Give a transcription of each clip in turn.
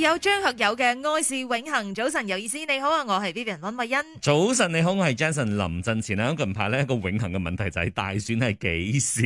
有張學友嘅《愛是永恆》早晨有意思，你好啊，我係 Vivian 溫慧欣。早晨你好，我係 Jason 林振前啊！近排咧個永恒嘅問題就係大選係幾時？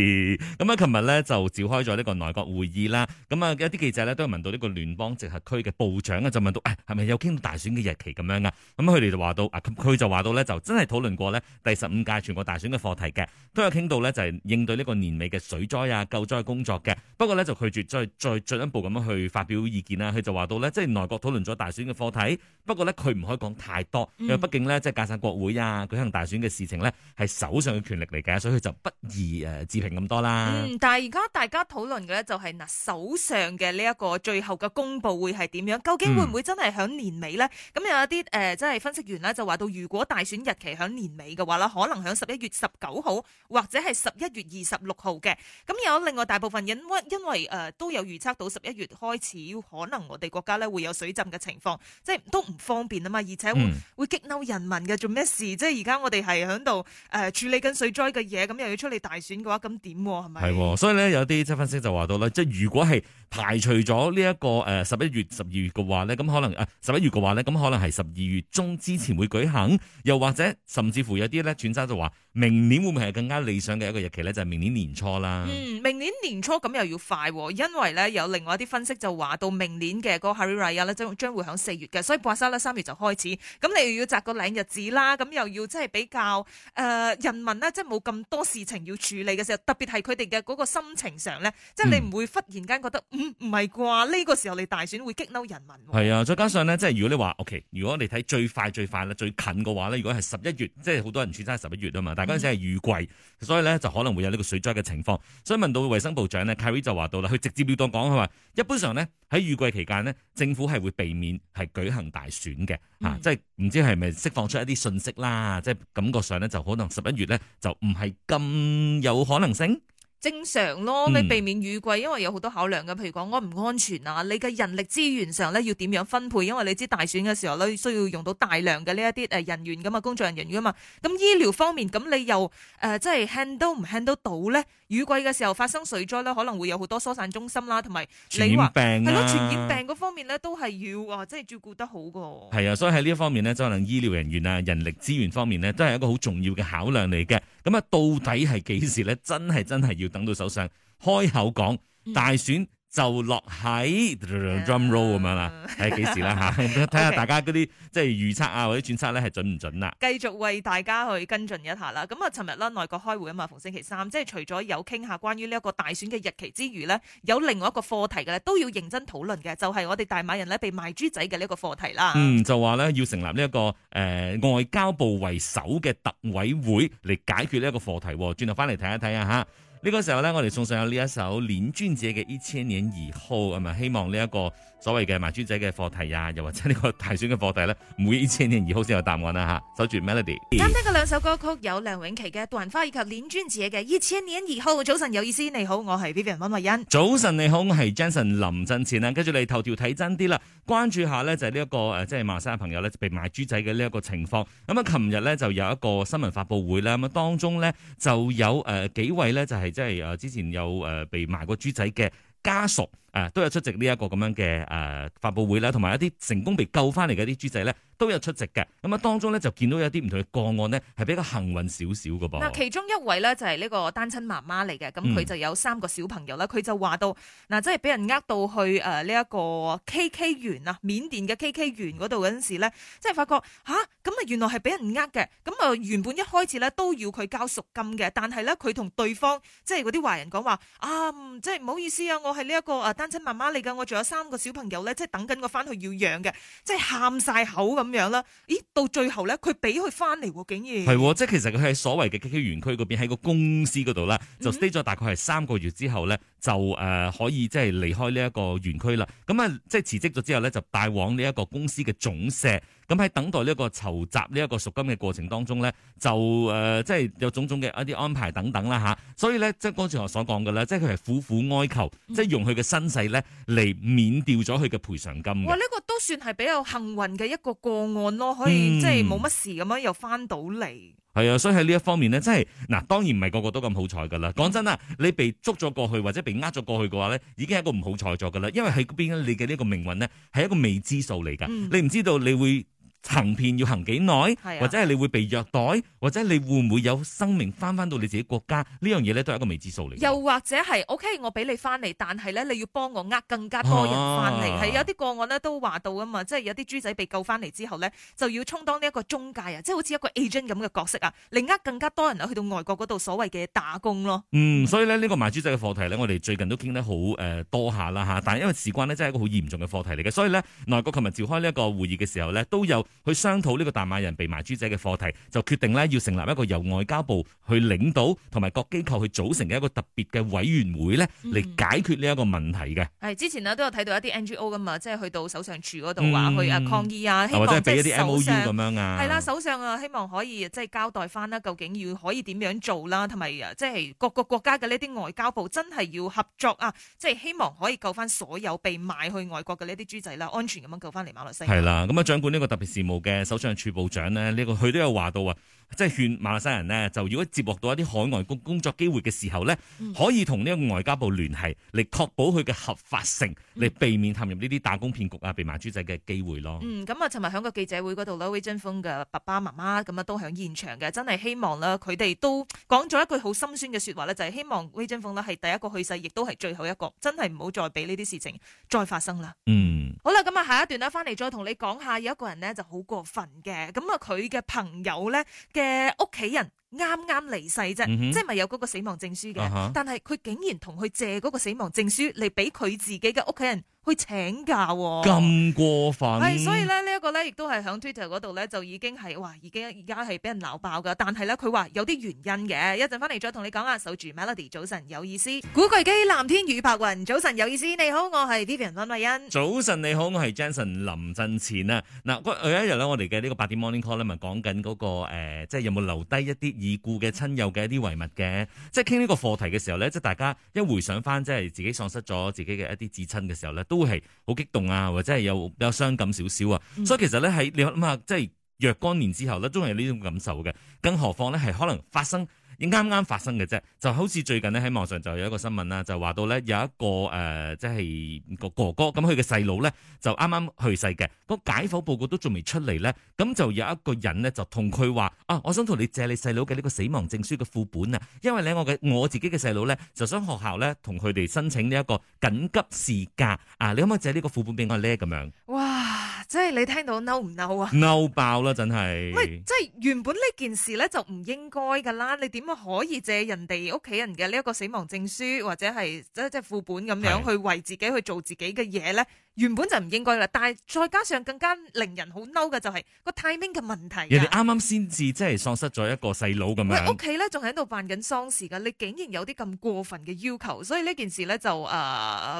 咁啊，琴日咧就召開咗呢個內閣會議啦。咁啊，有啲記者咧都有問到呢個聯邦直轄區嘅部長啊，就問到係咪、哎、有傾到大選嘅日期咁樣啊？咁佢哋就話到啊，佢就話到咧就真係討論過呢第十五屆全國大選嘅課題嘅，都有傾到呢，就係應對呢個年尾嘅水災啊救災工作嘅。不過呢，就拒絕再再進一步咁樣去發表意見啦。佢就話到。即係內閣討論咗大選嘅課題，不過呢，佢唔可以講太多，因為畢竟呢，即係解散國會啊、舉行大選嘅事情呢，係首相嘅權力嚟嘅，所以佢就不宜誒置評咁多啦。嗯，但係而家大家討論嘅呢，就是，就係嗱首相嘅呢一個最後嘅公佈會係點樣？究竟會唔會真係喺年尾呢？咁、嗯、有一啲誒即係分析員呢，就話到，如果大選日期喺年尾嘅話咧，可能喺十一月十九號或者係十一月二十六號嘅。咁有另外大部分人屈因為誒都有預測到十一月開始可能我哋國家。而家會有水浸嘅情況，即係都唔方便啊嘛，而且會激嬲人民嘅、嗯、做咩事？即係而家我哋係響度誒處理緊水災嘅嘢，咁又要出嚟大選嘅話，咁點喎？係咪？係喎、嗯，所以咧有啲即分析就話到咧，即係如果係排除咗呢一個誒十一月十二月嘅話咧，咁可能啊十一月嘅話咧，咁可能係十二月中之前會舉行，又或者甚至乎有啲咧轉差就話明年會唔會係更加理想嘅一個日期咧？就係、是、明年年初啦。嗯，明年年初咁又要快，因為咧有另外一啲分析就話到明年嘅啦，將會響四月嘅，所以刮沙咧三月就開始。咁你又要擇個靚日子啦，咁又要即係比較誒、呃、人民呢，即係冇咁多事情要處理嘅時候，特別係佢哋嘅嗰個心情上咧，即係、嗯、你唔會忽然間覺得唔唔係啩？呢、嗯呢個時候你大選會激嬲人民。係啊，再加上咧，即係如果你話 OK，如果你睇最快最快咧、最近嘅話咧，如果係十一月，即係好多人處生係十一月啊嘛，但係嗰陣時係雨季，嗯、所以咧就可能會有呢個水災嘅情況。所以問到衞生部長呢，Kerry 就話到啦，佢直接了當講佢話，一般上呢，喺雨季期間呢，」政府係會避免係舉行大選嘅。吓即係唔知係咪釋放出一啲信息啦，即係感覺上咧就可能十一月咧就唔係咁有可能性。正常咯，你避免雨季，嗯、因為有好多考量嘅，譬如講安唔安全啊，你嘅人力資源上咧要點樣分配，因為你知大選嘅時候咧需要用到大量嘅呢一啲誒人員噶嘛，工作人員噶嘛，咁醫療方面咁你又誒即、呃、係、就是、handle 唔 handle 到咧？雨季嘅時候發生水災咧，可能會有好多疏散中心啦，同埋你話傳染病，係咯，傳染病嗰方面咧都係要啊，即係照顧得好嘅。係啊，所以喺呢一方面咧，就可能醫療人員啊、人力資源方面咧，都係一個好重要嘅考量嚟嘅。咁啊，到底係幾時咧？真係真係要等到首相開口講大選。嗯就落喺 drum roll 咁樣啦，睇下幾時啦嚇，睇下 大家嗰啲即係預測啊或者轉測咧係準唔準啦。Okay, 繼續為大家去跟進一下啦。咁啊，尋日啦內閣開會啊嘛，逢星期三，即係除咗有傾下關於呢一個大選嘅日期之餘咧，有另外一個課題嘅咧都要認真討論嘅，就係、是、我哋大馬人咧被賣豬仔嘅呢一個課題啦。嗯，就話咧要成立呢、這、一個誒、呃、外交部為首嘅特委會嚟解決呢一個課題。轉頭翻嚟睇一睇啊嚇。呢個時候呢我哋送上有呢一首林俊傑嘅《的一千年以後》，係咪？希望呢、這、一個。所謂嘅賣豬仔嘅課題啊，又或者呢個大選嘅課題咧，每千年以後先有答案啦、啊、吓。守住 Melody。監聽嘅兩首歌曲有梁詠琪嘅《曇花》以及林俊傑嘅《一千年以後》。早晨有意思，你好，我係 Vivian 溫慧欣。早晨你好，我係 Jason 林振前啊。跟住你頭條睇真啲啦，關注一下呢就係呢一個誒，即、就、係、是、馬鞍山朋友咧被賣豬仔嘅呢一個情況。咁啊，琴日呢就有一個新聞發佈會啦。咁啊當中呢就有誒幾位呢，就係即係誒之前有誒被賣過豬仔嘅家屬。誒、啊、都有出席呢、呃、一個咁樣嘅誒發佈會啦，同埋一啲成功被救返嚟嘅啲豬仔咧都有出席嘅。咁啊當中咧就見到有啲唔同嘅個案呢，係比較幸運少少嘅噃。嗱，其中一位咧就係、是、呢個單親媽媽嚟嘅，咁佢就有三個小朋友啦。佢、嗯、就話到，嗱，即係俾人呃到去誒呢一個 KK 園啊，緬甸嘅 KK 園嗰度嗰陣時咧，即、就、係、是、發覺吓，咁啊原來係俾人呃嘅。咁啊原本一開始咧都要佢交贖金嘅，但係咧佢同對方即係嗰啲華人講話啊，即係唔好意思啊，我係呢一個單親媽媽嚟噶，我仲有三個小朋友咧，即係等緊我翻去要養嘅，即係喊晒口咁樣啦。咦，到最後咧，佢俾佢翻嚟，竟然係即係其實佢喺所謂嘅 KK 園區嗰邊，喺個公司嗰度咧，就 stay 咗大概係三個月之後咧，就誒可以即係離開呢一個園區啦。咁啊，即係辭職咗之後咧，就帶往呢一個公司嘅總社。咁喺等待呢一個籌集呢一個贖金嘅過程當中咧，就、呃、即係有種種嘅一啲安排等等啦吓，所以咧，即係剛才我所講嘅咧，即係佢係苦苦哀求，即係用佢嘅身世咧嚟免掉咗佢嘅賠償金。哇！呢個都算係比較幸運嘅一個個案咯，可以即係冇乜事咁樣又翻到嚟。嗯。係啊，所以喺呢一方面咧，真係嗱，當然唔係個個都咁好彩噶啦。講真啦，你被捉咗過去或者被呃咗過去嘅話咧，已經係一個唔好彩咗噶啦。因為喺邊你嘅呢個命運咧，係一個未知數嚟噶，你唔知道你會。行騙要行幾耐，或者係你會被虐待，或者你會唔會有生命翻翻到你自己國家？呢樣嘢呢都係一個未知數嚟。又或者係 OK，我俾你翻嚟，但係呢，你要幫我呃更加多人翻嚟，係、啊、有啲個案呢都話到啊嘛，即係有啲豬仔被救翻嚟之後呢，就要充當呢一個中介啊，即係好似一個 agent 咁嘅角色啊，嚟呃更加多人啊去到外國嗰度所謂嘅打工咯。嗯，所以呢，呢個賣豬仔嘅課題呢，我哋最近都傾得好誒、呃、多一下啦吓，但係因為事關呢，真係一個好嚴重嘅課題嚟嘅，所以呢，內閣琴日召開呢一個會議嘅時候呢，都有去商討呢個大馬人被賣豬仔嘅課題，就決定咧要成立一個由外交部去領導同埋各機構去組成嘅一個特別嘅委員會咧，嚟解決呢一個問題嘅。係之前咧都有睇到一啲 NGO 噶嘛，即係去到首相處嗰度話去啊抗議啊，希望即係首相，或者係俾一啲 MOU 咁樣啊。係啦，首相啊，希望可以即係交代翻啦，究竟要可以點樣做啦，同埋啊，即係各個國家嘅呢啲外交部真係要合作啊，即係希望可以救翻所有被賣去外國嘅呢啲豬仔啦，安全咁樣救翻嚟馬來西亞。係啦，咁啊掌管呢個特別事。務嘅首相處部長咧，呢個佢都有話到啊。即係勸馬來西人呢，就如果接獲到一啲海外工工作機會嘅時候呢，可以同呢個外交部聯繫嚟確保佢嘅合法性，嚟避免陷入呢啲打工騙局啊，被賣豬仔嘅機會咯。嗯，咁啊，尋日喺個記者會嗰度咧，Wee Jin Feng 嘅爸爸媽媽咁啊都喺現場嘅，真係希望啦，佢哋都講咗一句好心酸嘅說話呢，就係、是、希望 Wee Jin Feng 呢係第一個去世，亦都係最後一個，真係唔好再俾呢啲事情再發生啦。嗯。好啦，咁啊，下一段呢，翻嚟再同你講下，有一個人呢就好過分嘅，咁啊，佢嘅朋友呢。嘅屋企人。啱啱離世啫，mm hmm. 即係咪有嗰個死亡證書嘅？Uh huh. 但係佢竟然同佢借嗰個死亡證書嚟俾佢自己嘅屋企人去請假喎，咁過分？係，所以咧呢一個咧亦都係喺 Twitter 嗰度咧就已經係哇，已經而家係俾人鬧爆噶。但係咧佢話有啲原因嘅，一陣翻嚟再同你講下，守住 Melody，早晨有意思。古巨基藍天與白雲，早晨有意思。你好，我係 Vivian 溫慧欣。早晨你好，我係 Jason 林振前啊。嗱，有一日咧，我哋嘅呢個八點 Morning Call 咧，咪講緊嗰個誒，即係有冇留低一啲？已故嘅親友嘅一啲遺物嘅，即係傾呢個課題嘅時候咧，即係大家一回想翻，即係自己喪失咗自己嘅一啲至親嘅時候咧，都係好激動啊，或者係有比較傷感少少啊。嗯、所以其實咧喺你諗下，即係若干年之後咧，都係有呢種感受嘅，更何況咧係可能發生。啱啱發生嘅啫，就好似最近咧喺網上就有一個新聞啦，就話到咧有一個誒、呃，即係個哥哥咁，佢嘅細佬呢，就啱啱去世嘅，個解剖報告都仲未出嚟呢，咁就有一個人呢，就同佢話：啊，我想同你借你細佬嘅呢個死亡證書嘅副本啊，因為呢，我嘅我自己嘅細佬呢，就想學校呢，同佢哋申請呢一個緊急事假啊，你可唔可以借呢個副本俾我呢？咁樣哇，即係你聽到嬲唔嬲啊？嬲爆啦，真係！喂，即係原本呢件事呢，就唔應該㗎啦，你點可以借人哋屋企人嘅呢一個死亡證書，或者係即即係副本咁樣的去為自己去做自己嘅嘢咧？原本就唔應該啦，但係再加上更加令人好嬲嘅就係個 timing 嘅問題。人哋啱啱先至即係喪失咗一個細佬咁樣，屋企咧仲係喺度辦緊喪事噶，你竟然有啲咁過分嘅要求，所以呢件事咧就誒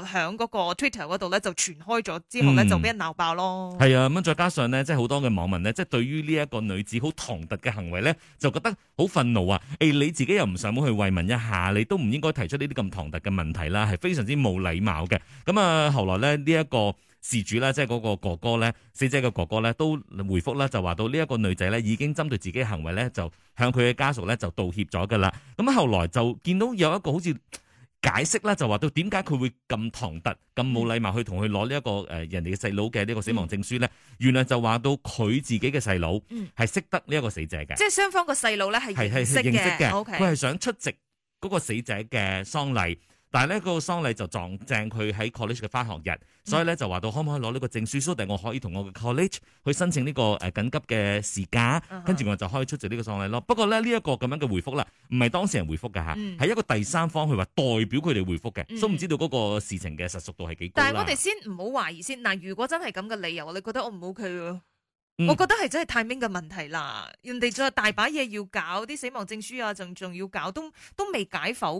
喺嗰個 Twitter 嗰度咧就傳開咗之後咧就俾人鬧爆咯。係啊，咁樣再加上咧，即係好多嘅網民咧，即係對於呢一個女子好唐突嘅行為咧，就覺得好憤怒啊！誒，你自己又唔上門去慰問一下，你都唔應該提出呢啲咁唐突嘅問題啦，係非常之冇禮貌嘅。咁啊，後來咧呢一個。事主咧，即係嗰個哥哥咧，死者嘅哥哥咧，都回覆啦，就話到呢一個女仔咧，已經針對自己嘅行為咧，就向佢嘅家屬咧，就道歉咗㗎啦。咁後來就見到有一個好似解釋咧，就話到點解佢會咁唐突、咁冇禮貌去同佢攞呢一個誒、呃、人哋嘅細佬嘅呢個死亡證書咧？嗯、原來就話到佢自己嘅細佬係識得呢一個死者嘅，即係雙方個細佬咧係係認識嘅，佢係 Okay 想出席嗰個死者嘅喪禮。但係咧，呢個喪禮就撞正佢喺 college 嘅返學日，嗯、所以咧就話到可唔可以攞呢個證書？所以定我可以同我嘅 college 去申請呢、呢個誒、呃、緊急嘅事假，嗯、哼跟住我就可以出席呢個喪禮咯。不過咧，呢、呢、一個咁樣嘅回覆啦，唔係當事人回覆嘅吓係、嗯、一個第三方去話代表佢哋回覆嘅，都唔、嗯、知道嗰個事情嘅實屬度係幾高啦。但係我哋先唔好懷疑先。嗱，如果真係咁嘅理由，你覺得我唔 OK 喎？嗯、我覺得係真係太明嘅問題啦，人哋仲有大把嘢要搞，啲死亡證書啊，仲仲要搞，都都未解剖、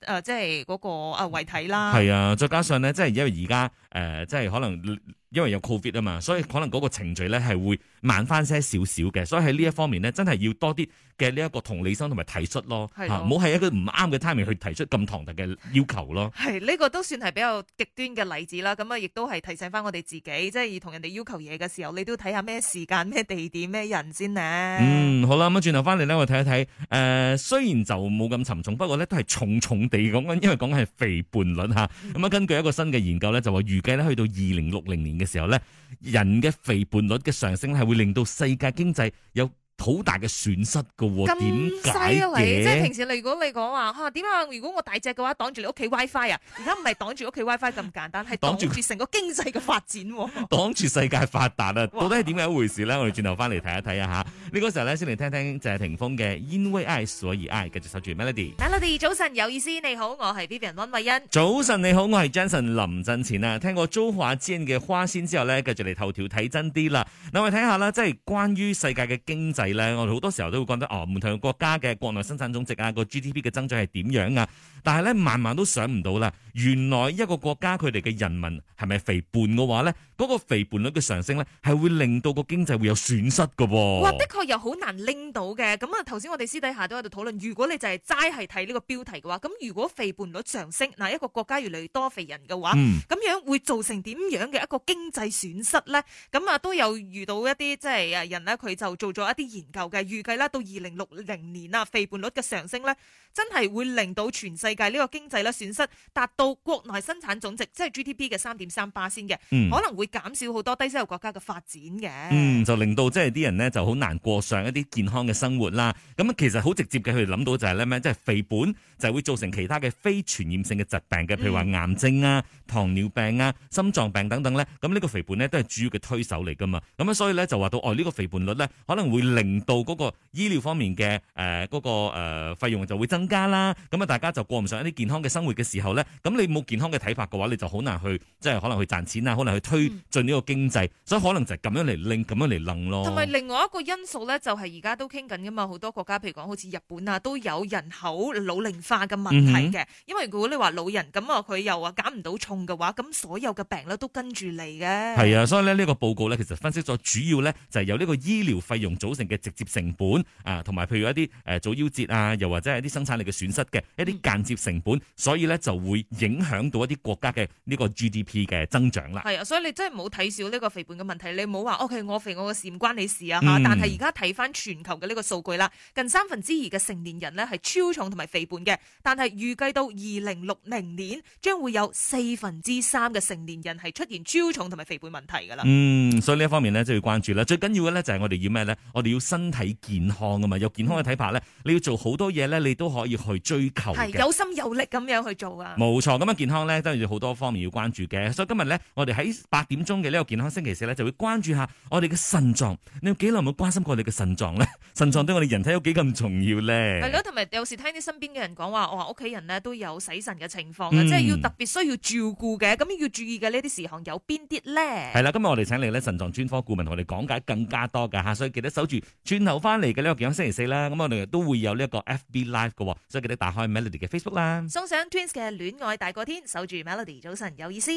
呃就是、個屍誒，即係個誒遺體啦。係啊，再加上咧、呃，即係因為而家誒，即係可能。因為有 Covid 啊嘛，所以可能嗰個程序咧係會慢翻些少少嘅，所以喺呢一方面咧，真係要多啲嘅呢一個同理心同埋體恤咯，吓的，唔好係一個唔啱嘅 timing 去提出咁唐突嘅要求咯。係呢、呢個都算係比較極端嘅例子啦，咁啊，亦都係提醒翻我哋自己，即係同人哋要求嘢嘅時候，你都睇下咩時間、咩地點、咩人先咧、啊。嗯，好啦，咁啊，轉頭翻嚟咧，我睇一睇，誒，雖然就冇咁沉重，不過咧都係重重地咁樣，因為講緊係肥胖率吓，咁啊，嗯、根據一個新嘅研究咧，就話預計咧去到二零六零年嘅。時候咧，人嘅肥胖率嘅上升咧，係會令到世界經濟有好大嘅損失嘅喎，點解啊你？為即係平時你如果你講話嚇點啊？如果我大隻嘅話，擋住你屋企 WiFi 啊！而家唔係擋住屋企 WiFi 咁簡單，係 擋住成個經濟嘅發展。擋住世界發達啊！哇到底係點樣一回事咧？我哋轉頭翻嚟睇一睇啊嚇！呢 個時候咧先嚟聽聽謝霆鋒嘅因為愛，所以愛，繼續守住 melody。melody 早晨有意思，你好，我係 Vivian 温慧欣。早晨你好，我係 Jason 林振前啊！聽過周華健嘅花仙之後咧，繼續嚟頭條睇真啲啦！嗱，我哋睇下啦，即係關於世界嘅經濟。我哋好多時候都會覺得哦，唔同嘅國家嘅國內生產總值啊，個 GDP 嘅增長係點樣啊？但係咧，慢慢都想唔到啦。原來一個國家佢哋嘅人民係咪肥胖嘅話咧，嗰個肥胖率嘅上升咧，係會令到個經濟會有損失嘅噃。哇，的確又好難拎到嘅。咁啊，頭先我哋私底下都喺度討論，如果你就係齋係睇呢個標題嘅話，咁如果肥胖率上升，嗱一個國家越嚟越多肥人嘅話，咁、嗯、樣會造成點樣嘅一個經濟損失咧？咁啊，都有遇到一啲即係啊人咧，佢就做咗一啲研究嘅預計啦，到二零六零年啊，肥胖率嘅上升咧，真係會令到全世界呢個經濟咧損失達到國內生產總值即係 GDP 嘅三點三八先嘅，嗯、可能會減少好多低收入國家嘅發展嘅、嗯，就令到即係啲人呢就好難過上一啲健康嘅生活啦。咁其實好直接嘅，佢諗到就係咧咩，即係肥胖就會造成其他嘅非傳染性嘅疾病嘅，譬如話癌症啊、糖尿病啊、心臟病等等咧。咁、這、呢個肥胖呢，都係主要嘅推手嚟噶嘛。咁所以咧就話到哦，呢、這個肥胖率呢，可能會令到嗰個醫療方面嘅誒嗰個、呃、費用就會增加啦，咁啊大家就過唔上一啲健康嘅生活嘅時候咧，咁你冇健康嘅睇法嘅話，你就好難去即係、就是、可能去賺錢呀，可能去推進呢個經濟，嗯、所以可能就係咁樣嚟拎，咁樣嚟諗咯。同埋另外一個因素咧，就係而家都傾緊噶嘛，好多國家譬如講好似日本啊，都有人口老齡化嘅問題嘅，嗯、哼因為如果你話老人咁啊，佢又話減唔到重嘅話，咁所有嘅病咧都跟住嚟嘅。係啊，所以呢個報告咧其實分析咗主要咧就係由呢個醫療費用組成嘅。直接成本啊，同埋譬如一啲誒、呃、早夭折啊，又或者係一啲生產力嘅損失嘅、嗯、一啲間接成本，所以咧就會影響到一啲國家嘅呢個 GDP 嘅增長啦。係啊，所以你真係唔好睇少呢個肥胖嘅問題，你唔好話 OK 我肥我嘅事唔關你事啊吓。嗯、但係而家睇翻全球嘅呢個數據啦，近三分之二嘅成年人呢係超重同埋肥胖嘅，但係預計到二零六零年將會有四分之三嘅成年人係出現超重同埋肥胖問題噶啦。嗯，所以呢一方面呢，真係要關注啦，最緊要嘅咧就係我哋要咩咧？我哋要。身體健康啊嘛，有健康嘅睇法咧，你要做好多嘢咧，你都可以去追求嘅。係有心有力咁樣去做啊。冇錯，咁啊健康咧當然要好多方面要關注嘅，所以今日咧我哋喺八點鐘嘅呢個健康星期四咧，就會關注下我哋嘅腎臟。你有幾耐冇關心過我哋嘅腎臟咧？腎臟對我哋人體有幾咁重要咧？係啦、嗯，同埋有時聽啲身邊嘅人講話，我話屋企人咧都有洗腎嘅情況，即係要特別需要照顧嘅，咁要注意嘅呢啲事項有邊啲咧？係啦，今日我哋請嚟咧腎臟專科顧問同我哋講解更加多嘅吓，所以記得守住。轉頭翻嚟嘅呢個健康星期四啦，咁我哋都會有呢個 FB Live 嘅，所以記得打開 Melody 嘅 Facebook 啦，送上 Twins 嘅《戀愛大過天》，守住 Melody 早晨有意思。